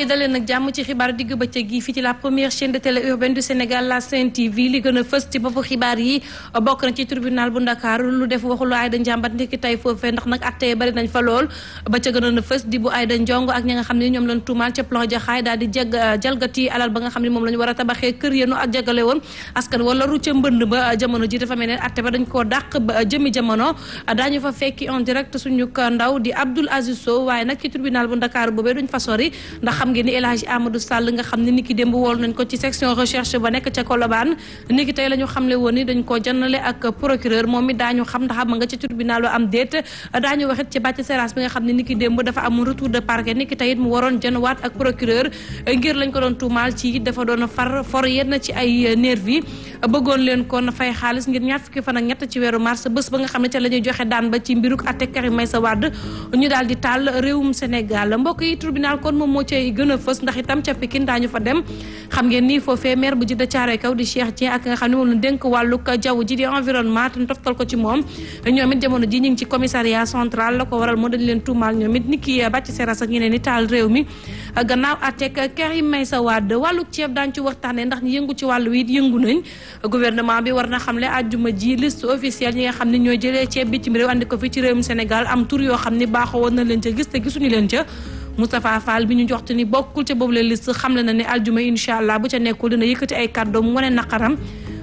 yi dalee nag jàmm ci xibaar digg bëccëg gi fii ci la première chaîne de télé urbaine du Sénégal la Sen TV li gën a fës ci boppu xibaar yi bokk na ci tribunal bu Ndakaaru lu def waxulu Aïda Njàmbat ndiki tey foofee ndax nag atte bari nañ fa lool ba ca gënoon a fës di bu Aïda Ndiongo ak ñi nga xam ne ñoom lañ tuumaal ca plan jaxaay daal di jag euh, jalgati alal ba nga xam ne moom la ñu war a tabaxee kër yéenu ak jagale woon askan wala ru ba euh, jamono ji dafa mel ne atte ba dañ koo dàq ba euh, jëmi jamono daañu fa fekki en direct suñu ndaw di Abdoul Aziz Sow waaye nag ci tribunal bu Ndakaaru boobee duñ fa sori xam ngeen ni El Amadou Sall nga xam ne ni ki démb wool nañ ko ci section recherche ba nekk ca Colobane ni ki tey xamle woon ni dañ ko jannale ak procureur moom mi daañu xam ndax am nga ci tribunal am déet daañu waxit ci bàcc séance bi nga xam ne ni ki démb dafa amul retour de parquet ni ki tey it mu waroon janwaat ak procureur ngir lañ ko doon tuumaal ci dafa doon far for yenn ci ay nervi bëggoon leen kon fay xaalis ngir ñaar fukki fan ak ñett ci weeru mars bés ba nga xam ne ca la ñuy joxe daan ba ci mbiruk atte Karim Meïssa Wade ñu daal di taal réewum Sénégal mbokk yi tribunal kon moom moo cay gën a fës ndax itam ca Pikine daañu fa dem xam ngeen ni foofee maire bu jidda caaroy kaw di Cheikh Dieng ak nga ne moom la dénk wàllug jaww ji di ko ci moom ñoom it jamono ji ñu ngi ci commissariat central la ko waral moo dañ leen tuumaal ñoom it nit ki bàcc seras ak ñeneen ni taal réew mi gannaaw atek Karim Meïssa Wade wàllug ceeb daañu ci waxtaanee ndax ñu yëngu ci wàllu wi yëngu nañ gouvernement bi war na xamle àjjuma ji liste officielle ñi nga xam ne ñooy jëlee ceeb bitim réew andi ko fi ci réewum Sénégal am tur yoo xam ni baaxoo woon na leen ca gis te gisuñu leen ca Moustapha Fall bi ñu joxte ni bokkul ca boobu la liste xamle na ne àjjuma incha allah bu ca nekkul dina yëkkati ay kàddoom wane naqaram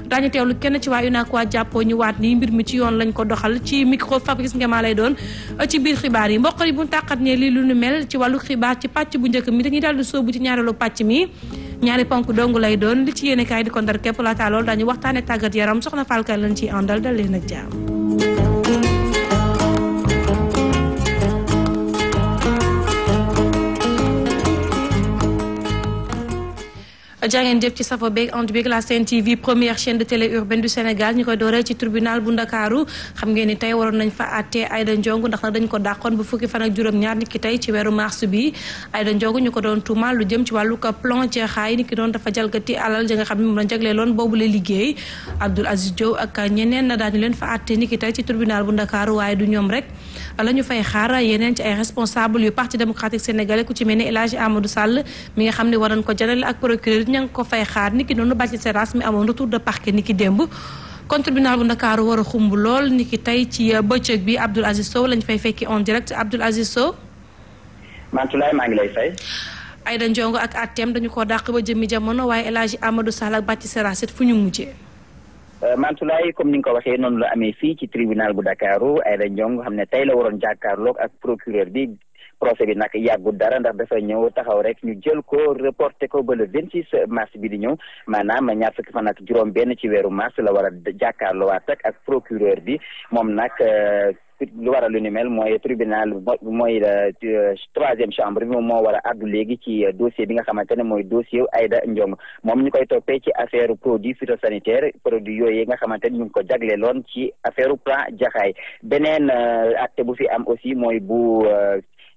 daañu teewlu kenn ci waa UNACOIS jàppoo ñu waat ni mbir mi ci yoon lañ ko doxal ci micro Fabrice Ngema lay doon ci biir xibaar yi mbokk yi bu tàqat ne lii lu nu ci wàllu xibaar ci pàcc bu njëkk mi dañuy daal di sóobu ci ñaareelu pàcc mi ñaari ponk dong lay doon li ci yéene kaay di ko ndar képp laata loolu dañu waxtaane tàggat yaram soxna Falka lañ ciy àndal dal leen ak jaa jëf ci safo beeg ànd la Sen TV première chaîne de télé urbaine du Sénégal ñu koy dooree ci tribunal bu Ndakaaru xam ngeen ni tey waroon nañ fa àtte Aïda Ndiongue ndax nag dañ ko dàqoon bu fukki fan ak juróom-ñaar ni ki tey ci weeru mars bi Aïda Ndiongue ñu ko doon tuumaal lu jëm ci wàllu ko plan ci doon dafa jalgati alal ja xam ne moom la jagleeloon boobu la liggéey Abdoul Aziz diow ak ñeneen na daañu leen fa àtte ni tey ci tribunal bu Ndakaaru waaye du ñoom rek la ñu fay xaar yeneen ci ay responsable yu parti démocratique sénégalais ku ci mel ne El Amadou Sall mi nga xam ne waroon ko janale ak procureur ña ngi ko fay xaar niki noonu bàcc séras mi amoon retour de parquet niki démb kon tribunal bu Ndakaaru war a xumb lool niki tey ci euh, bëccëg bi Abdoul Aziz Sow lañ fay fekki en direct Abdoul Aziz Sow. Mantoulaye maa ngi lay fay. Aïda Ndiongo ak Atem dañu ko dàq ba jëmmi jamono waaye El Hadj Amadou Sall ak bàcc séras it fu ñu mujjee. Euh, Mantoulaye comme ni nga ko waxee noonu la amee fii ci tribunal bu Ndakaaru Aïda Ndiongo xam ne tey la waroon jàkkaarloog ak procureur procès bi nag yàggul dara ndax dafa ñëw taxaw rek ñu jël ko reporté ko ba le vingt six mars bi di ñëw maanaam ñaar fukki fan ak juróom benn ci weeru mars la war a jàkkaarloowaat ak procureur bi moom nag euh, lu wara lu ni mel mooy tribunal mooy euh, troisième chambre bi moom moo war a àddu léegi ci dossier bi nga xamante ne mooy dossier Aïda Ndiong moom ñu koy toppee ci affaire produit phytosanitaire produit yooyu nga xamante ne ñu ngi ko loon ci affaire plan jaxaay beneen euh, acte bu fi am aussi mooy bu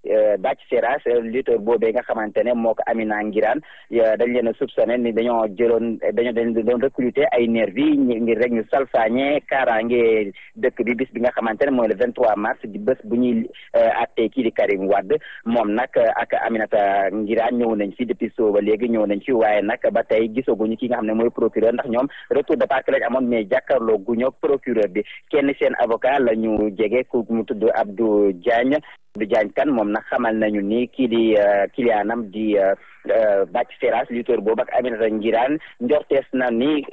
Euh, Bac Seras lutteur boobee nga xamante ne moo ko Amina Ngiraan euh, dañ leen a soupçonné ni dañoo jëloon dañoo dañ doon recruter ay nervi ngir rek ñu salfaañe kaaraange dëkk bi bis bi nga xamante ne mooy le 23 mars di bés bu ñuy euh, àttee kii di Karim Wade moom nag ak Aminata Ngiraan ñëw nañ fi depuis sooba léegi ñëw nañ fi waaye nag ba tey gisaguñu ki nga xam ne mooy procureur ndax ñoom retour de parquet lañ amoon mais gu guñoo procureur bi kenn seen avocat la ñu jege ku mu tudd Abdou Diagne Modou Diagne Kane moom nag xamal nañu ni kii di euh, anam di euh, Euh, Bathie Seras lutteur Bobak ak Aminata dortes njortees na ni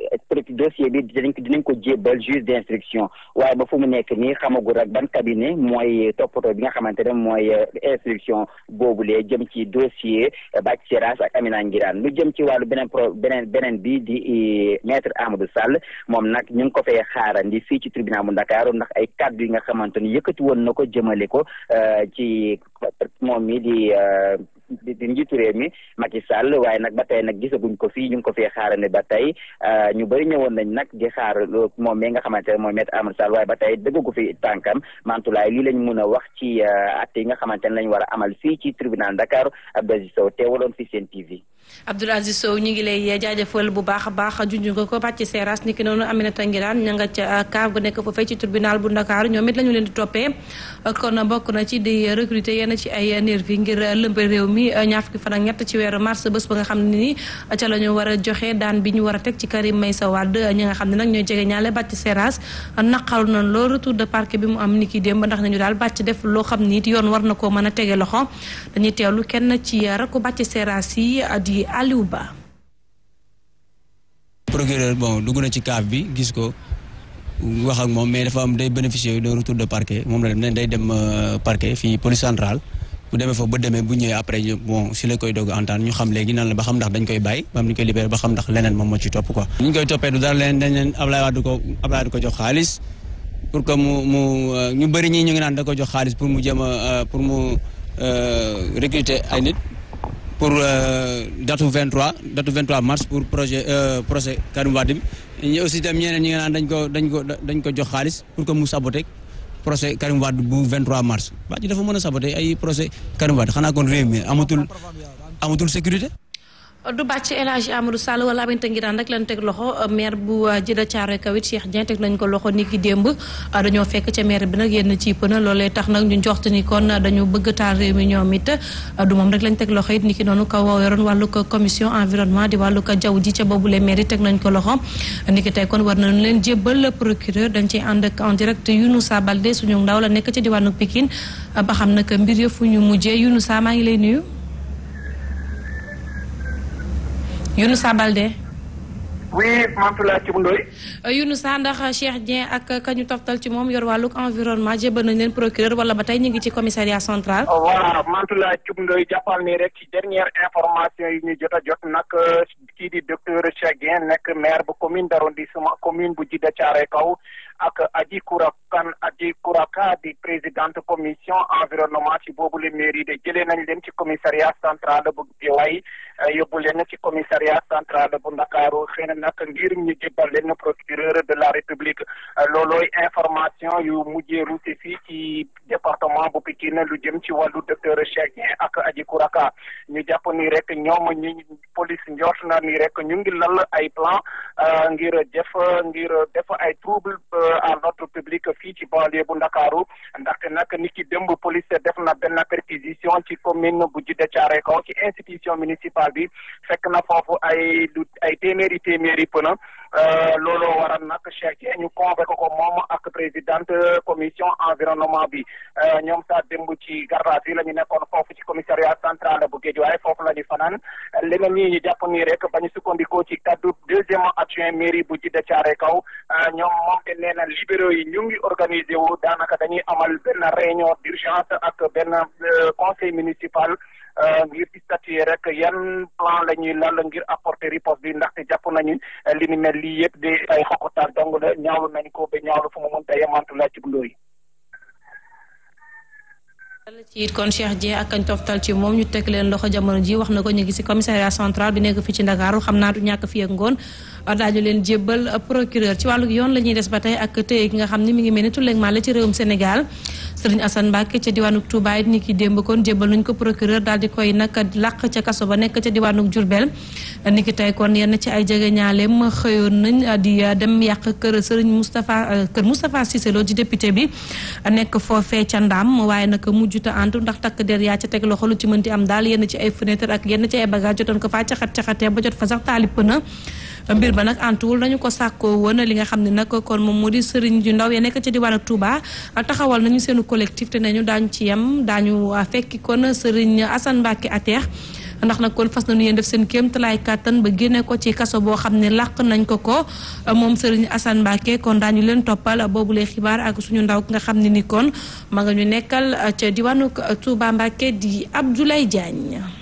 dossier bi dinañ ko dinañ ko djébal juge d'instruction waaye ba fu mu nekk nii rek ban cabinet moy topoto bi nga xamantene moy euh, instruction instruction lé jëm ci dossier Bathie Seras ak Aminata Ngiraan lu jëm ci walu benen benen benen bi di euh, maître Amadou Sall mom nak ñu ko fay xaarandi fii ci tribunal mu Ndakaaru ndax ay cadre yi nga xamantene ni won nako na ko ci mom mi di di njiitu réew mi Macky Sall waaye nag ba tey nag gisaguñ ko fii ñu ngi ko fee xaarane ba tey euh, ñu bëri ñëwoon nañ nag di xaar moom mi nga xamante ne moom maître amul Sall waaye ba tey dëgg ko fi tànkam mantulaay lii lañ mën a wax ci euh, atte yi nga xamante ne lañ war a amal fii ci tribunal Dakar Abdou Aziz teewaloon fi seen yi Abdul Aziz Sow ñi ngi lay jaajëfal bu baaxa baaxa juñu ko ko bàcc séras niki nonu Aminata Ngiraan ñanga ci ca euh, kaaf gu nekk foofee ci tribunal bu Dakar ñoom lañu leen di toppee kon bokku na ci di recruter yenn ci ay nervi ngir lëmbe rew mi ñaaf ki fa ak ñett ci wéru mars bëss ba nga xamni ni ci lañu wara joxé daan bi ñu war a ci Karim Maysa Wad ñi nga xamni nak ñoy jégué jege ñaale bàcc seeraas na lo retour de parc bi mu am niki dem ndax nañu def lo xamni yoon war na ko mëna téggé loxo dañuy teewlu kenn ci séras yi gi Aliou procureur bon dugg na ci kaaf bi gis ko wax ak mom mais dafa am day bénéficier de retour de parquet mom la dem day dem euh, parquet fi police centrale bu démé fo ba démé bu ñëwee après ñu bon ci la koy dogu entendre ñu xam légui nan la ba xam ndax dañ koy bay ba am ñu koy libéré ba xam ndax leneen mom mo ci top quoi. ñu koy topé du dar leneen dañ leen Ablaye Wade ko Ablaye Wade ko jox xaliss pour que mu mu euh, ñu bari ñi ñu ngi nan da ko jox xaliss pour mu jëma euh, pour mu recruter ay nit. pour euh, datu 23 datu 23 mars pour projet euh, procès Karim Wade bi ñu aussi tam ñeneen ñi nga naan dañ ko dañ ko dañ ko jox xaalis pour que mu sabote procès Karim Wade bu 23 mars waa ji dafa mën a sabote ay projet Karim Wade xanaa kon réew mi amatul amatul sécurité du bàcc El Hadj Amadou Sall wala Aminata Ngiraan rek lañ teg loxo euh, maire bu Djida euh, Thiaroye Kao it Cheikh Dieng teg nañ ko loxo ni ki démb euh, dañoo fekk ca maire bi nag yenn ci lool loolee tax nag ñu joxte ni kon dañu bëgg taal réew mi ñoom it du moom rek lañ teg loxo it ni ki noonu ko woweroon wàllu ko commission environnement di wàllu ko jaww ji ca boobule maire teg nañ ko loxo ni tey kon war nañu leen jébbal procureur dañ ci ànd ak en direct Younoussa Baldé suñu ndaw la nekk ca diwaanu Pikine ba xam nag mbir yëpp fu ñu mujjee Younoussa maa ngi lay nuyu Younoussa Baldé. oui Mantoula Thioub Ndoye. Euh, Younoussa ndax Cheikh Dieng ak kañu toftal ci moom yor wàllug environnement jébbal nañ leen procureur wala ba tey ñu ngi ci commissariat central. Oh, voilà Mantoula Thioub Ndoye jàppal ni rek ci dernière information yi ñu jot a jot nag euh, kii di docteur Cheikh nekk maire bu commune d' arrondissement commune bu Djiddah Thiaroye Kaw. ak Adji Koura Kane Adji Koura Ka di présidente commission environnement ci boobu le mairie de jëlee nañ leen ci commissariat central bu Guédiawaye euh, yóbbu leen ci commissariat central bu Ndakaaru xëy na nag ngir ñu jébbal leen procureur de la république euh, loolooy information yo mujjee ruuse fii ci département bu Pikine lu jëm ci wàllu docteur Cheikh Dieng ak Adji Koura ñu jàpp rek ñoom ñi police njort na ni rek ñu ngi lal ay plan euh, ngir def ngir def ay trouble euh, à l'ordre public fii ci banlieue bu Ndakaaru ndaxte nag ni ki démb police def na benn perquisition ci commune bu Djiddah Thiaroye Kaw ci institution municipale bi fekk na foofu ay ay téeméeri téeméeri pëna Euh, looloo waral nag Cheikh ñu convoqué ko moom ak présidente commission environnement bi euh, ñoom saa démb ci garage bi la ñu nekkoon foofu ci commissariat central bu géej waaye foofu la ñu fanaan leneen ñi ñu jàpp nii rek ba ñu sukkandikoo ci kaddu deuxième adjoint mairie bu Djiddah Thiaroye Kao euh, ñoom moom te nee na libéraux yi ñu ngi organisé wu daanaka dañuy amal benn réunion d'urgence ak benn conseil municipal Euh, ngir statuer rek yan plan la ñuy lal ngir apporter riposte bi ndax ndaxte jàpp nañu euh, li ni mel lii yëpp di ay xoqotaan dong la nañ ko ba ñaawlu fu mu mënta yemantu laa ci gundóor yi dal ci kon Cheikh Dieng ak kañ toftal ci moom ñu teg leen loxo jamono ji wax na ko ñu ngi ci commissariat central bi nekk fi ci Ndakaaru xam naa du ñàkk fi ngoon daañu leen jébbal euh, procureur ci wàllu yoon la ñuy des ba tey ak tey ki nga xam ni mi ngi mel ni tulleeg maa la ci réewum Sénégal sëriñ Assane Mbacke ca diwaanu Touba it ki démb kon jébbal nañ ko procureur daal di koy nag làq ca kaso ba nekk ca diwaanu Diourbel ni ki tey kon yenn ci ay jege ñaaleem xëyoon nañ euh, di euh, dem yàq kër sëriñ Moustapha kër Moustapha Cissé Lo di député bi nekk foofee ca Ndam waaye nag mujjuta antu ndax takk der yaa ca teg loxo lu ci mënti am daal yenn ci ay fenêtre ak yenn ci ay bagage jotoon ko faa caxat caxatee ba jot fa sax taalib na mbir ba nag antuwul nañu ko sàkkoo woon li nga xam ne nag kon moom moo di sëriñ yu ndaw ya nekk ci diwaan ak Touba taxawal nañu seenu collectif nañu daañu ci yem daañu fekki kon sëriñ Assane Mbacke Ateex ndax nag kon fas nañu yéen def seen kéem talaay kàttan ba génne ko ci kaso boo xam ne làq nañ ko ko moom Serigne Assane Mbacke kon daañu leen toppal boobule xibaar ak suñu ndaw ki nga xam ne ni kon ma nga ñu nekkal ca diwaanu Touba Mbacke di Abdoulaye Diagne.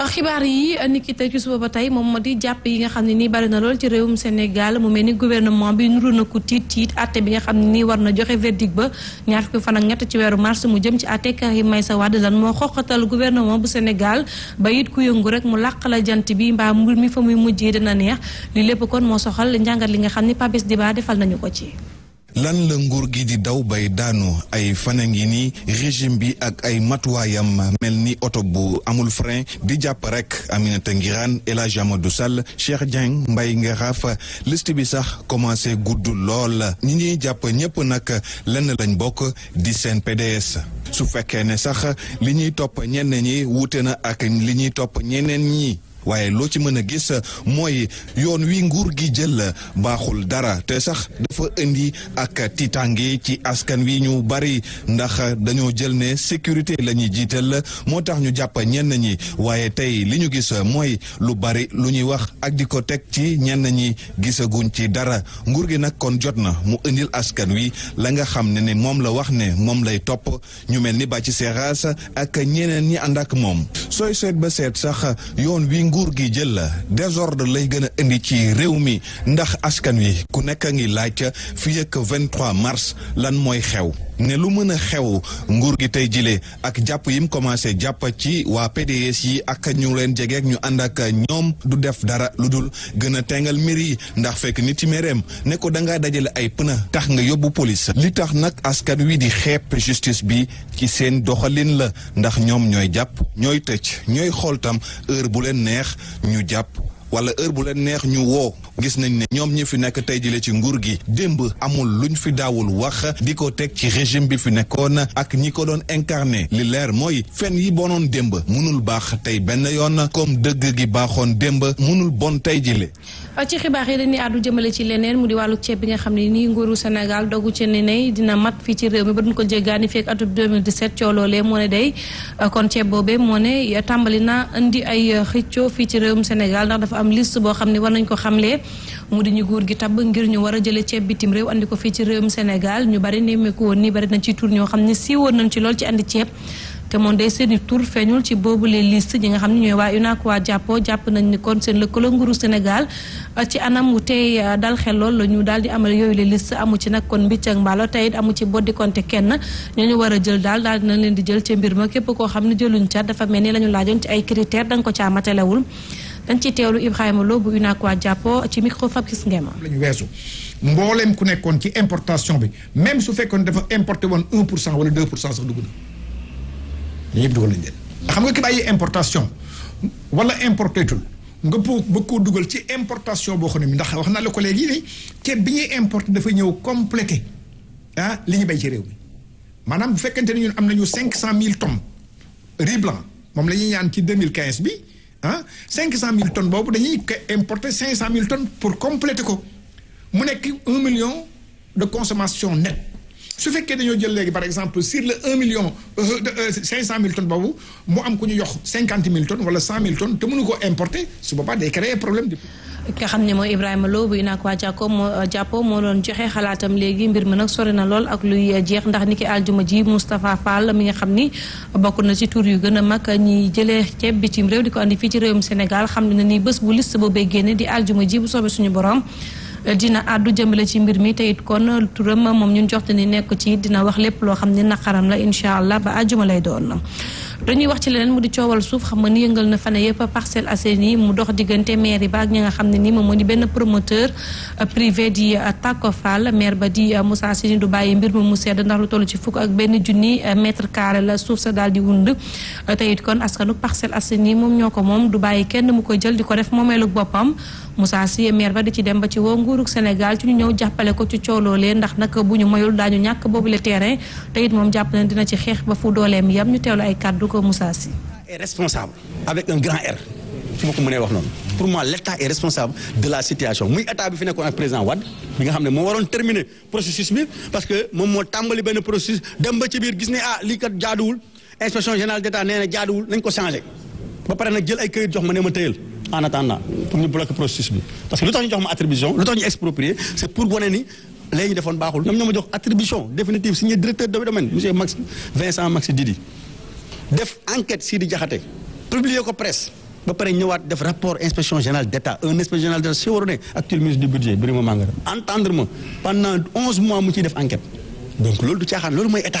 Ah, xibaar yi niki tey ci suba ba tey moom ma di jàpp yi nga xam ne nii bari na lool ci réewum Sénégal mu mel ni gouvernement bi nuru na ko tiit tiit atte bi nga xam ne nii war na joxe verdict ba ñaar fukki fan ak ñett ci weeru mars mu jëm ci atte may sa Wade lan moo xoqatal gouvernement bu Sénégal ba it ku yëngu rek mu làq la jant bi mbaam mbir mi fa muy mujjee dina neex li lépp kon moo soxal njàngat li nga xam ni di baa defal nañu ko ci. lan la nguur gi di daw bay daanu ay fana ngi nii régime bi ak ay matuwaayam mel ni oto bu amul frein di jàpp rek Aminata Ngiraan El Hadj Amadou Sall Cheikh Dieng Mbaye Ngaraaf list bi sax commencé gudd lool ñi ñuy jàpp ñépp nag lenn lañ bokk di seen PDS su fekkee ne sax li ñuy topp ñenn ñi wuute na ak li ñuy topp ñeneen ñi waaye loo ci mën a gis euh, mooy yoon wi nguur gi jël euh, baaxul dara te sax dafa indi ak tiitaange ci askan wi ñu bari ndax euh, dañoo jël ne sécurité la ñuy jiital moo tax ñu jàpp ñen ñi waaye tey li ñu gis mooy lu bari lu ñuy wax ak di ko teg ci ñenn ñi gisaguñ ci dara nguur gi nag kon jot na mu indil askan wi la nga xam ne ne moom la wax ne moom lay topp ñu mel ni ba ci seeraas ak ñeneen ñi ànd ak moom sooy seet ba seet sax yoon wi nguur gi jël la désordre lay gën a indi ci réew mi ndax askan wi ku nekk a ngi laajte fii ak 23 mars lan mooy xew ne lu mën a xew nguur gi tey jile ak jàpp yim commencé jàpp ci waa PDS yi ak ñu leen jegeek ñu ànd ak ñoom du def dara lu dul gën a tengal mbir yi ndax fekk nit yi mereem ne ko dangaa dajale ay pneu tax nga yóbbu police li tax nag askan wi di xeeb justice bi ci seen doxalin la ndax ñoom ñooy jàpp ñooy tëj ñooy xool heure bu leen neex neex ñu jàpp wala heure bu leen neex ñu woo gis nañ ne ñoom ñi fi nekk tey jile ci nguur gi démb amul luñ fi daawul wax di ko teg ci régime bi fi nekkoon ak ñi ko doon incarné li leer mooy fen yi bonoon démb mënul baax tey benn yoon comme dëgg gi baaxoon démb mënul bon tey a ci xibaar yi dañuy àddu jëmale ci leneen mu di wàllu ceeb bi nga xam ne nii nguuru Sénégal dogu ci ne ne dina mat fii ci réew mi ba duñ ko jéggaani fekk atum 2017 coow loolee moo ne day kon ceeb boobee moo ne tàmbali na indi ay xëccoo fii ci réewum Sénégal ndax dafa am liste boo xam ne war nañ ko xamlee mu di ñu góor gi tabb ngir ñu war a jële ceeb bitim réew andi ko fii ci réew réewum senegal ñu bari nemmeeku woon ni bari na ci tur ñoo xam ne siiwoon nañ ci lool ci andi ceeb te moom day seeni tur feeñul ci boobule liste ñi nga xam ne ñooy waa UNAC waa jàppo jàpp nañ ni kon seen lëkkaloo nguuru Sénégal ah, ci anam wu tey ah, dal xel la ñu daal di amal yooyu le amu ci nag kon mbiccak mbaalo tey it amu ci boddi konte kenn ñooñu war a jël daal daal dinañ leen di jël ca mbir ma képp koo xam ne jëluñ ca dafa mel ni la ñu laajoon ci ay critères da ko caa matalewul dañ ci teewlu Ibrahima Lo bu UNACOIS jàppoo ci micro Fabrice Ngema lañu weesu mbooleem ku nekkoon ci importation bi même su fekkoon dafa importé woon 1 pour cent wala 2 pour cent sax dugg na ñëpp dugal nañ leen xam nga ki bàyyi importation wala importé tul nga po bëgg koo dugal ci importation boo xam ne ndax wax naa la ko léegi nii ceeb bi ñuy importé dafa ñëw complété ah li ñu béy ci réew mi maanaam bu fekkente ne ñun am nañu cinq cent tonnes riz blanc moom la ñuy ñaan ci 2015 bi 500 hein? 000 tonnes vous dañuy importer 500 000 tonnes pour compléter ko mu 1 million de consommation nette su que que jël légui par exemple sur le 1 million 500 euh, 000 euh, tonnes bobu mu am 50 000 tonnes wala 100 000 tonnes te mënu ko importer su pas day créer problème nga xam ne mooy Ibrahima Lo bu UNACOIS jàkko moo jàppo moo doon joxe xalaatam léegi mbir ma nag sore na lool ak luy jeex ndax niki aljuma ji Moustapha Fall mi nga xam ni bokk na ci tur yu gën a mag ñiy jëlee ceeb bitim réew di ko andi fii ci réewum Sénégal xam ne ni bës bu liste boobee génne di aljuma ji bu soobee suñu borom. dina àddu jëmale ci mbir mi te it kon turam moom ñun te ni nekk ci dina wax lépp loo xam ne naqaram la incha allah ba àjjuma lay doon. dañuy wax ci leneen mu di coowal suuf xam nga ni yëngal na fane yëpp Parcelles Assainies mu dox diggante maire ba ak ñi nga xam ne ni moom moo di benn promoteur euh, privé di euh, Takofal meer ba di euh, Moussa Sini du bàyyi mbir mu mu sedd ndax lu toll ci fukk ak benn junni mètre carré la suuf sa daal di wund teyit kon askanu Parcelles Assainies moom ñoo ko moom du bàyyi kenn mu ko jël di ko def moomeelu boppam Moussa Sy maire ba di ci dem ba ci wo nguurug Sénégal ci ñu ñew jappalé ko ci ciolo lé ndax nak buñu mayul dañu ñak bobu le terrain te it moom jàpp na dina ci xeex ba fu dolem yam ñu teewlu ay kàddu ko Moussa Sy. est responsable avec un grand R su ma ko mënee wax noonu pour moi l'État est responsable de la situation muy état bi fi nekkoon ak président Wade bi nga xam ne moo waroon terminer processus bi parce que moom moo tàmbali benn processus dem ba ci biir gis ne ah lii kat jaaduwul inspection générale d' état nee na jaaduwul nañ ko changé ba pare nag jël ay këyit jox ma ne ma en attendant pour nous bloquer processus parce que le temps de le une attribution le c'est pour wane ni léegi ñu defoon baaxul Je veux attribution définitive signé directeur de domaine monsieur Max Vincent Max Didi def enquête Sidi Diakhaté publier au presse je vais ñëwaat un rapport inspection générale d'État un inspection général d'État suréné actuel ministre du budget Brimo Mangara entendre moi pendant 11 mois mu vais def enquête donc l'autre, du l'État. état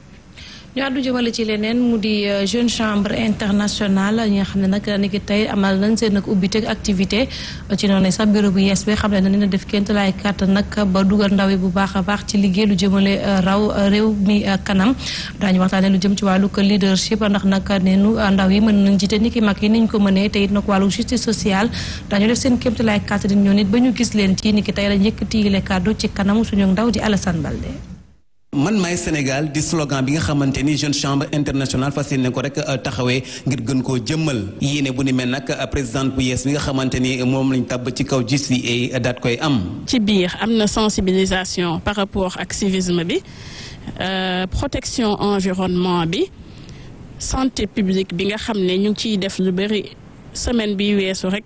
ñu àddu jëmale ci leneen mu di euh, jeune chambre internationale ñi nga xam ne nag ni ki amal nañ seen nag ubbi teg activité euh, ci noonu sax bureau bu yees bi xam ne na dina def kénta laay kàtt nag ba dugal ndaw yi bu baax a baax ci liggéey lu jëmale euh, raw réew mi kanam daañu waxtaane lu jëm ci wàllu leadership ndax nag neenu ndaw yi mën nañ jitee ni ki mag yi niñ ko mënee te it nag wàllu justice sociale daañu def seen kémta laay kàtt din ñoo nit ba ñu gis leen ci ni ki tey la yëkkati yile kàddu ci kanam suñu ndaw ji Alassane Balde man may Sénégal di slogan bi nga xamante ni jeune chambre internationale fas ko rek euh, taxawé ngir gën ko jëmmal yéne bu ni mel nak euh, président bu yees bi nga xamante ni moom lañ ci kaw GCA euh, date koy am. ci biir amna sensibilisation par rapport ak civisme bi protection environnement bi santé publique bi nga xamné ñu ci def lu bari semaine bi weesu rek.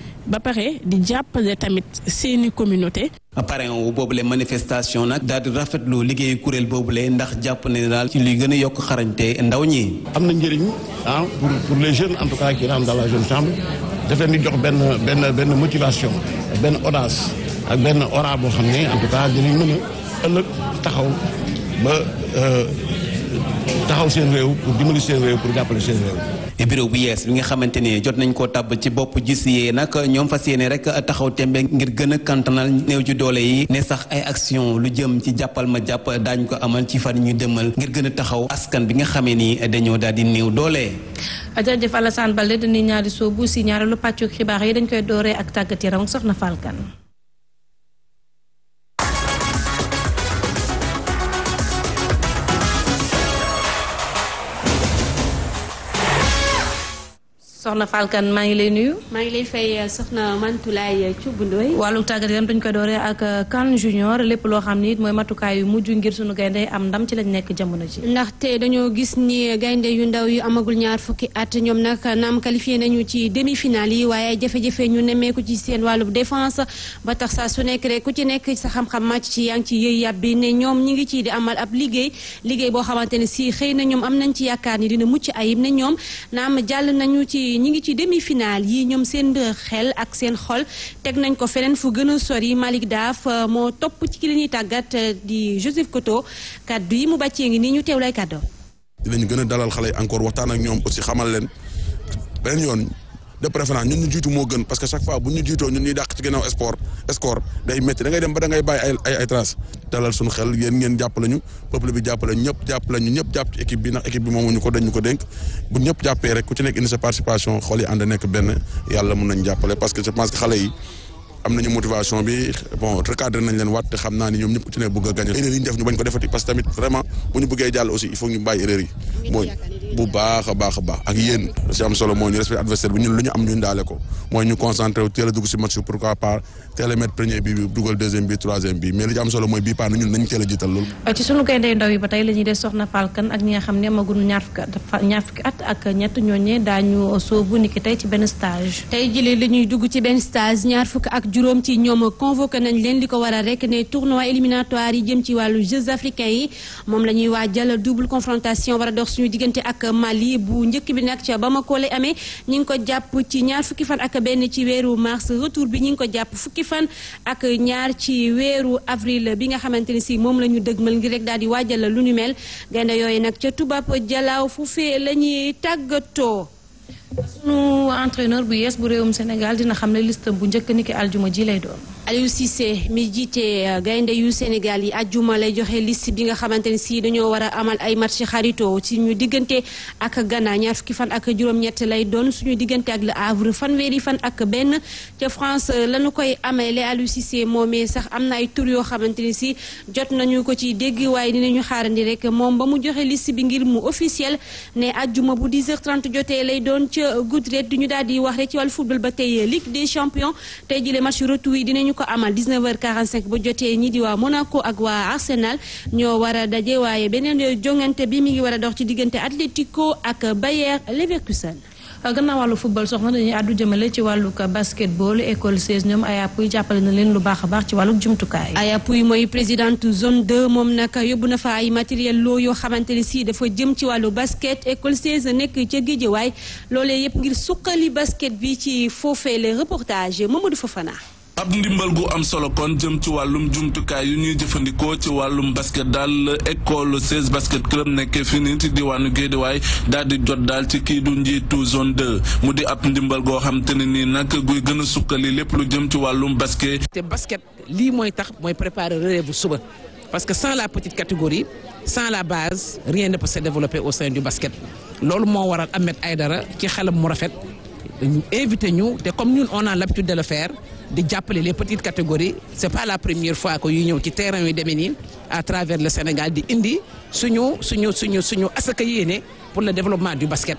ba pare di jàppale tamit seeni communauté. apparent wu boobule manifestation nag daal di rafetlu liggéeyu kuréel boobule ndax jàpp ne daal ci luy gën a yokk xarañte ndaw ñi. am na njëriñ ah pour pour les jeunes en tout cas qui rentrent dans la jeune chambre daf leen jox benn benn benn motivation benn audace ak benn aura boo xam ne en tout cas dinañ mën a ëllëg taxaw ba. Euh, taxaw seen réew pour dimbali seen réew pour jàppale seen réew. bureau bu yees bi nga xamante ni jot nañu ko tàbb ci bopp gis yee nag ñoom fas yéene rek taxaw tembe ngir gën a kantanal néew ju doole yi ne sax ay action lu jëm ci jàppal ma jàpp daañ ko amal ci fan ñu demal ngir gën a taxaw askan bi nga xamee ni dañoo daal di néew doole. jërëjëf Alassane Balde dañuy ñaari soobu si ñaareelu pàccu xibaar yi dañ koy dooree ak tàggat yaram soxna Falkan soxna Falkan maa ngi lay nuyu. maa ngi lay fay euh, soxna euh, euh, lépp loo xam ni it mooy matukaay yu mujj ngir sunu gaynde am ndam ci lañ nekk jamono ji. ndaxte dañoo gis ni gaynde yu ndaw yu amagul ñaar fukki at ñoom nag naam qualifié nañu ci demi finale yi waaye jafe-jafe ñu nemmeeku ci seen wàllu défense ba tax saa su nekk rek ku ci nekk sa xam-xam màcc ci yan ci yëy yàb bi ne ñoom ñi ngi ci di amal ab liggéey liggéey boo xamante ne si xëy na ñoom am nañ ci yaakaar ni dina mucc ayib ne ñoom naam jàll nañu ci ñu ngi ci demi-finale yi ñoom seen xel ak seen xol teg nañ ko feneen fu gën a sori Malick Daaf euh, moo topp ci ki la ñuy tàggat euh, di Joseph Koto kaddu yi mu bàccee ngi nii ñu teew lay kàddoo. dinañ gën a dalal xale yi encore waxtaan ak ñoom aussi xamal leen beneen yoon. de préférence ñun ñu jiitu moo gën parce que chaque fois bu ñu jiitoo ñun ñuy dàq ci ginnaaw sport score day métti da dem ba da bàyyi ay ay dalal suñu xel yéen ngeen jàppale ñu peuple bi jàppale ñëpp jàppale ñu ñëpp jàpp ci équipe bi ndax équipe bi moomu ñu ko dañ ñu ko dénk bu ñëpp jàppee rek ku ci nekk indi sa participation xool yi ànd nekk benn yàlla mun nañ jàppale parce que je pense que xale yi am nañu motivation bi bon recadré leen waat xam naa ni ñoom ñëpp ku ci ne bëgg a gagné erreur ñu def ñu bañ ko defati tey la ñuy soxna Falkan ak ñi xam ne amagul ñaar fukki ñaar fukki at ak ñett ñooñee daañu soobu niki tey ci benn stage tey jëlee li dugg ci benn stage ñaar fukki ak juróom ci ñoom convoqué nañ leen di ko waral rekk ne tournoi éliminatoire yi jëm ci wàllu Jeux africains yi moom la ñuy waajal double confrontation war a dox suñu diggante ak Mali bu njëkk bi nag ca Bamako lay amee ñi ngi ko jàpp ci ñaar fukki fan ak benn ci weeru mars retour bi ñi ngi ko jàpp fukki fan ak ñaar ci weeru avril bi nga xamante ne si moom la ñu mël ngi rek daal di waajal lu ñu mel gaynde yooyu nag ca tubaab jalaaw fu fee la ñuy tàggatoo sunu entraîneur bu yees bu réewum Sénégal dina xam ne list bu njëkk ni ki aljuma ji lay doon. Aliou Cissé mi jiite euh, gaynde yu Sénégal yi ajjuma lay joxe list bi nga xamante ne si dañoo war a amal ay match xarito ci ñu diggante ak Ghana ñaar fukki fan ak juróom-ñett lay doon suñu diggante ak Le Havre fanweeri fan ak benn ca France euh, lañu koy amalee Aliou Cissé moomee sax am na ay tur yoo xamante ni si jot nañu ko ci dégg waaye ñu xaarandi rek moom ba mu joxe liste bi ngir mu officiel ne ajjuma bu 10h30 lay doon ci ca Goodred du ñu daal di wax rek ci wàllu football ba tey Ligue des champions tey jile match retour yi dinañu ko amal 19h45 ba jotee ñi di waa Monaco ak waa Arsenal ñoo war a daje waaye beneen jongante bi mi ngi war a dox ci diggante Atlético ak Bayer Leverkusen gannaaw wàllu football soxna dañuy àddu jëmale ci wàllug basketball école 16 ñoom ayap jàppale na leen lu baax a baax ci wàllug jumtukaay. ayap yi mooy présidente zone 2 moom nag yóbbu na fa ay matériel loo yoo xamante ne si dafa jëm ci wàllu basket école 16 nekk ca Guédiawaye loolee yëpp ngir suqali basket bi ci foofee le reportage Mamadou Fofana. ab ndimbal gu am solo kon jëm ci wàllum jumtukaay yu ñuy jëfandikoo ci wàllum basket daal école 16 basket club nekkee fii nii ci diwaanu Guédiawaye daal di jot daal ci kii du njiitu zone de mu di ab ndimbal goo xam te ne ni nag guy gën a sukkali lépp lu jëm ci wàllum basket. te basket lii mooy tax mooy préparer relève bu suba parce que sans la petite catégorie sans la base rien ne peut se développer au sein du basket loolu moo waral ay dara ci xelam mu rafet. Nous nous ñu comme nous on a l'habitude de le faire de j'appeler les petites catégories c'est pas la première fois qu'on yu qui terrain de à travers le Sénégal di indi suñu suñu suñu suñu asaka pour le développement du basket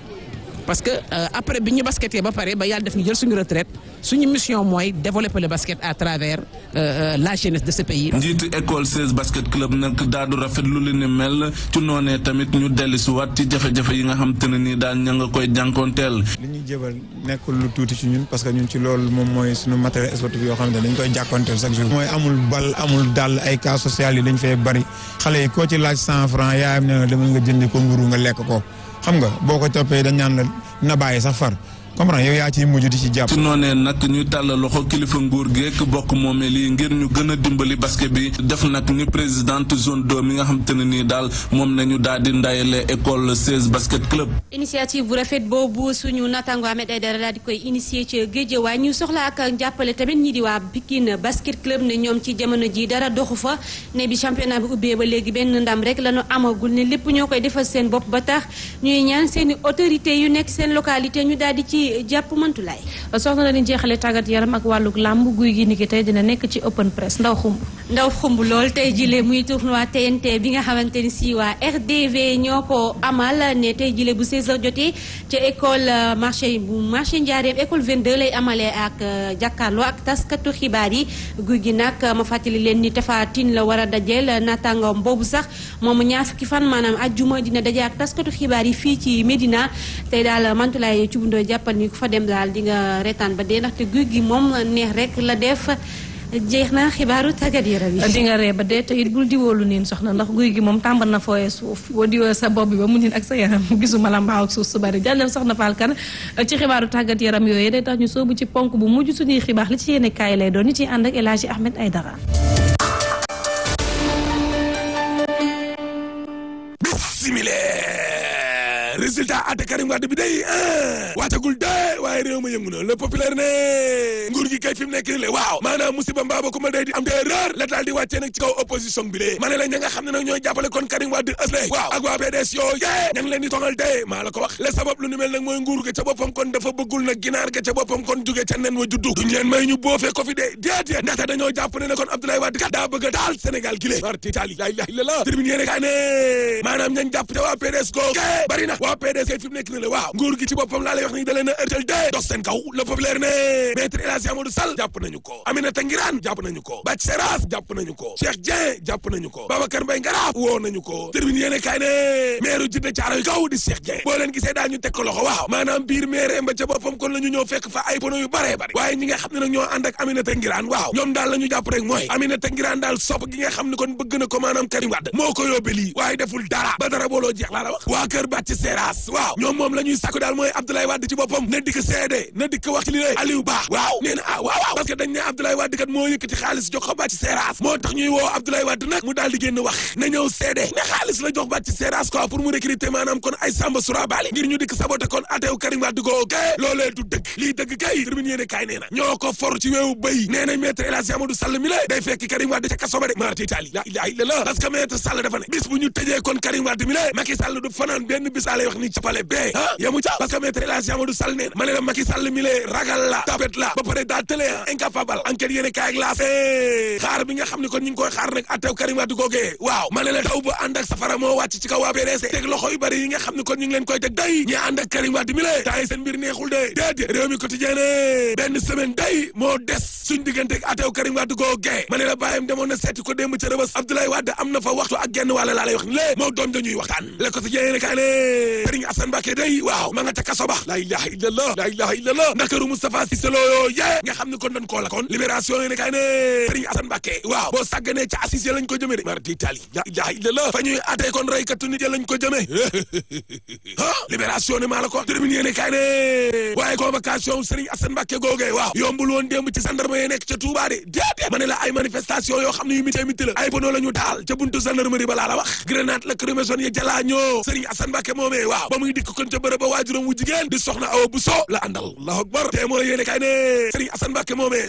parce que euh, après biñu ñu ba paré ba yalla def ñu jël suñu retraite suñu mission moy développer le basket à travers euh, euh, la jeunesse de ce pays. njiitu école 16 basket club nak daa du rafet lu leen mel ci noné tamit ñu dellusiwaat ci jafé jafé yi nga xam tane ni nii daal ña nga koy jankontel li ñuy jébal nekkul lu tuuti ci ñun parce que ñun ci lool mom moy suñu matériel sportif yo xam ne dañ koy jankontel chaque jour. moy amul bal amul dal ay cas social yi dañ fay bari xalé ko ci laaj 100 francs yaam ne la demal nga jënd ko nguru nga lek ko. xam nga boo ko toppee dañ naan la na bàyyi sax far comprendre yow yaa ciy mujj di ci jàpp. ci noonee nag ñu tàll loxo kilifa nguur geek bokk moomee lii ngir ñu gën a dimbali basket bi def nag ni présidente zone mi nga xam te daal moom nañu daal ndayale école 16 basket club. initiative bu rafet boobu suñu natango Ahmed Aidara daal di koy initier ci Géejawaay ñu soxla ak jàppale tamit ñi di waa Pikine basket club ne ñoom ci jamono ji dara doxu fa ne bi championnat bi ubbee ba léegi benn ndam rek la ñu amagul lépp ñoo koy defal seen bopp ba tax ñuy ci jàpp mantulaay soxna na ni jeexale tàggat yaram ak wàlluk làmb guy gi niki tey dina nekk ci open press ndaw xumb ndaw xumb lool tey jile muy tournoi si waa RDV ñoo ko amal ne tey jile bu 16h jotee ca école euh, marché bu marché Ndiarème euh, ak taskatu xibaar yi guy gi nag euh, ma fàttali leen ni tafaatin la war a dajeel naataangoom boobu sax moom ñaar fukki fan maanaam ajjuma dina daje ak taskatu xibaar yi fii ci Médina tey daal mantulaay ci bundoo jàppal fan yi ku fa dem daal di nga reetaan ba dee ndaxte guy gi moom neex rek la def jeex na xibaaru tàggat yaram yi. di nga ree ba dee te it bul diwoolu niin soxna ndax guy gi moom tàmbal na fooyee suuf sa bopp bi mu niin ak sa yaram gisuma la mbaaw ak suuf su bari jàllale soxna Falkan ci xibaaru tàggat yaram yooyu day tax ñu soobu ci ponk bu mujj suñuy xibaar li ci yéene kaay lay doon ñu ciy ànd ak El Hadji Ahmed Aïdara résultat atte Karim Wade bi day a waatagul dee waaye réew ma yëngu na le populaire ne nguur gi kay fi mu nekk le waaw maanaam sabab lu ni mel nag nguur ga ca boppam kon dafa bëggul nag ginaar ga ca boppam kon jugee ca nen wa juddu duñ leen may ñu boofee ko fi dee déedéet ndaxte dañoo jàpp ne ne kon Abdoulaye Wade kat a daal Sénégal gi lé war ti taali la ilaha maanaam ñañ jàpp ca waa PDS ko bari na waa PDC fi mu nekk ni la nguur gi ci boppam laa lay wax ni da leen a ërtal de dox kaw le populaire ne maître El Hadji Amadou Sall nañu ko Aminata Ngiraan jàpp nañu ko Bac Seras jàpp nañu ko Cheikh Dieng jàpp nañu ko Babacar Mbaye Ngaraaf woo nañu ko termine yéene kaay ne maire jidde caaro yu kaw di Cheikh Dieng boo leen gisee ñu teg ko loxo waaw maanaam biir maire mba boppam kon la ñu ñëw fa ay yu baree bari waaye ñi nga xam ne nag ñoo waaw ñoom moom la ñuy sàkku daal mooy Abdoulaye Wade ci boppam na dikk seede na dikk wax ci li lay Aliou Ba waaw nee na ah waaw waaw parce que dañ ne Abdoulaye Wade kat moo yëkkati xaalis jox ko ba moo tax ñuy woo Abdoulaye Wade nag mu daal di wax na ñëw seede ne xaalis la jox ba ci Seras quoi pour mu recruter maanaam kon ay Samba Surabali ngir ñu dikk saboté kon ateew Karim Wade goo kay loolee du dëgg lii dëgg kay tribune yéene kaay nee ñoo ni jàppale be ya mu ca parce que maître El Amadou ya Sall ne mi le ragal la tabet la ba pare daa tële incapable ya, enquête yéene kaay glace xaar bi nga xamni kon ñu ngi koy xaar nak attew Karim Wade googee waaw ma taw bu and ak safara mo wacc ci kaw waa PDS teg loxo yu bari yi nga xamni kon ñu ngi len koy tek day ñi and ak Karim Wade mi le taay neexul de déedéet rew mi quotidien ben semaine day mo des suñ diggante ak attew Karim Wade googee ma ne la na setti ko dem ci Rëbës Abdoulaye Wade amna fa waxtu ak genn wala la lay wax ni lée moo dañuy waxtan le quotidien kay le Serigne ba laa ilaha illallah laa ilaha illallah ndakaru Moustapha Cissé Lo yoo yee nga xam ne kon la kon libération yéene kay ne Serigne Assane Mbacké waaw ko jëme de mar d'itali laa ilaha illallah la ko termine yéene kay ne waaye convocation Serigne Assane Mbacké googee waaw yombul woon démb ci gendarme yi nekk ca Touba de déedéet ma ne ay manifestation yoo xam ne yu mitee miti la ay pono la ñu taal ca buntu gendarmerie ba laa wax grenade la crémation ya jalaa ñoo Serigne moomee waaw waaw ba muy dikk kon ca bërëb ba waajuram wu jigéen di soxna awa bu so la àndal allahu akbar te moo yéene kay ne Serigne Assane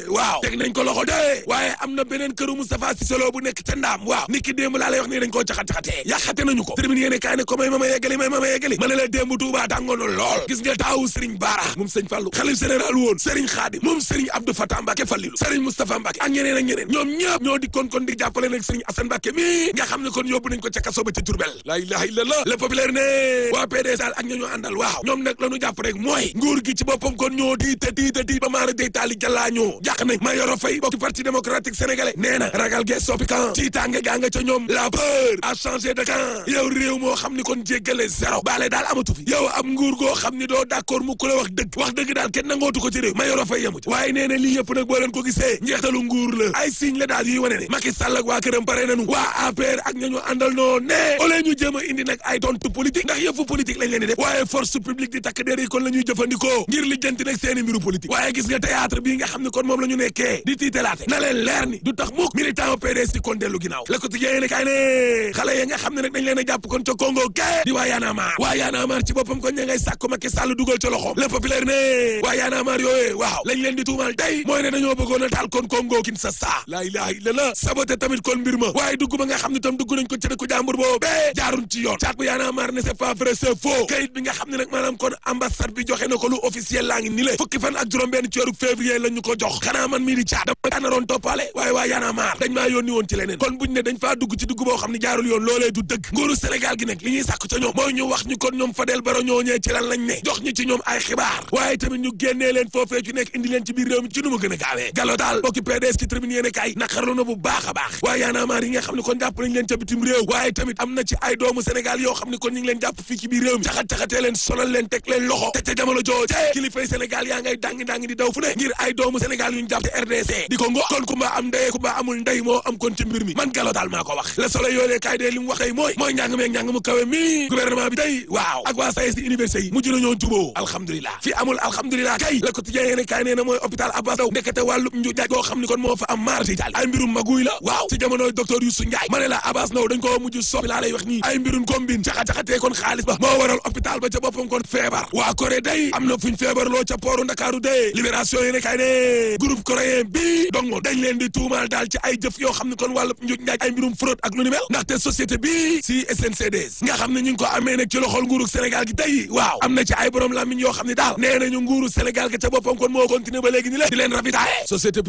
waaw teg ko loxo de waaye am beneen këru Moustapha Cissé Lo bu nekk ca ndaam waaw nit ki démb laa lay wax nii dañ koo jaxat-jaxatee yàqate nañu ko Serigne yéene kay ko may ma ma may ma ma yeggali ma ne la démb lool gis nga taawu Serigne Bara moom Serigne Fallou xalif général woon Serigne Khadim moom Serigne Abdou PDS daal ak ña ñu àndal waaw ñoom nag la ñu jàpp rek mooy nguur gi ci boppam kon ñoo tiita tiita tiit ba maara day taali jàllaa ñoo jàq nañ ma yoro fay bokk parti démocratique sénégalais nee na ragal gee soppi kan ci tànge gaa nga ca ñoom la peur a changé de camp yow réew moo xam ni kon jéggale zéro baale daal amatu fi yow am nguur goo xam ni doo d'accord mu ku la wax dëgg wax dëgg daal kenn nangootu ko ci réew ma yoro fay yemu ci waaye nee na lii yëpp nag boo leen ko gisee njeextalu nguur la ay signe la daal yuy wane ne Macky Sall ak waa këram pare nañu waa APR ak ña ñu àndal noo ne ole ñu jéem a indi nag ay tontu politique ndax yëfu politique politique leen di waaye force publique di takk der kon la jëfandikoo ngir lijjanti seeni mbiru politique waaye gis nga théâtre bii nga xam ne kon moom la ñu nekkee di tiitalaate na leen leer ni du tax mukk militant PDS yi kon dellu ginnaaw la ko ti yéene kay ne xale ya nga xam ne nag leen a jàpp kon Congo kee di waa Y'en a marre waa waaw lañ leen di tuumaal tey mooy ne dañoo bëggoon taal kon Congo Kinshasa laa ilaha illallah saboté tamit ko faux kayit bi nga xam ne nag maanaam kon ambassade bi joxe na ko lu officiel laa ngi ni le fan ak juróom-benn ci weeru février la ko jox xanaa man mii di caa dama daanaroon toppaale waaye a gaawee galo daal bokki nga xam ne kon jàpp nañ leen ca bitim réew tamit am na ci ay doomu Sénégal yoo xam ne kon ñu leen jàpp fii ci biir réew réew mi caxat-caxatee leen sonal leen teg leen loxo te ca jamono joojee kilifay Sénégal yaa ngay dangi-dangi di daw mujj nañoo juboo alhamdulilah fi amul alhamdulilah kay le quotidien yéene kaay nee mooy hôpital Abbas Ndao ndekete wàllu nju jaaj goo la Abbas Ndao dañ ko mujj soppi laa lay wax nii ay mbirum combine caxa-caxatee kon xaalis ba waral hôpital ba ca boppam kon feebar waa Corée day am na fuñ feebarloo ca pooru Ndakaaru day libération yéene kay ne groupe coréen bi dongoon dañ leen di tuumaal daal ci ay jëf yoo xam ne kon wàllu njuj njaaj ay mbirum fraude ak lu ni mel ndaxte société bi si SNCDS nga xam ne ñu ngi ko amee nag ci loxol nguuru Sénégal gi day waaw am na ci ay borom lamiñ yoo xam ne daal nee nañu nguuru Sénégal ga ca boppam kon moo continué ba léegi ni di leen ravitaillé société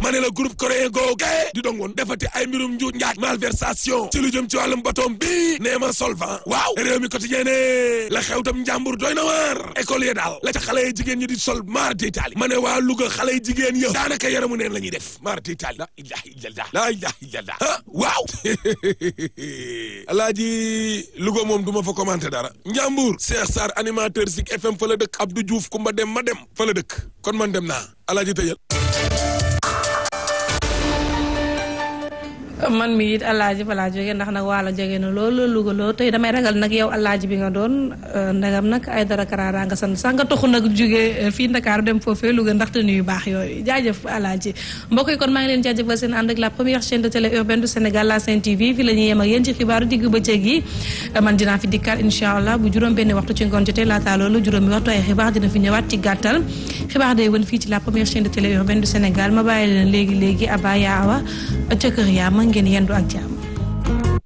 ma ne la groupe ci wàllum batoom bi nee ma solvant waaw réew mi quotidien ne la tam njàmbur doy na waar école ya daal la ca xale yi jigéen ñi di sol maar di taali ma ne waa Louga xale yi jigéen ya daanaka yaramu neen la ñuy def maar di taali la ilaha illallah la ilaha illallah ah waaw alaaji Louga moom du ma fa commenté dara njàmbur Cheikh Sarr animateur Zik FM fa la dëkk Abdou Diouf Kumba dem ma dem fa dëkk kon man dem naa alaaji tëjal man mi it alaaji fa laa jógee ndax nag waala jógee na loolu Louga loolu tey damay ragal nag yow alaaji bi nga doon euh, ndagam nag ay dara karaara nga sant sax nga toxu nag jógee euh, fii Ndakaaru dem foofee yooyu jaajëf alaaji mbokk yi kon maa ngi leen jaajëfal seen ànd ak la première chaîne de télé urbaine la Sen TV fi la ñuy yem ak yéen ci xibaaru digg bëccëg yi man dinaa fi dikkaat incha allah juróom benn waxtu ay xibaar dina fi ñëwaat ci gàttal xibaar day won fii ci la première chaîne de télé urbaine du Sénégal ma leen léegi léegi Abba Yaawa ca kër yaa ngeen yendu ak jàmm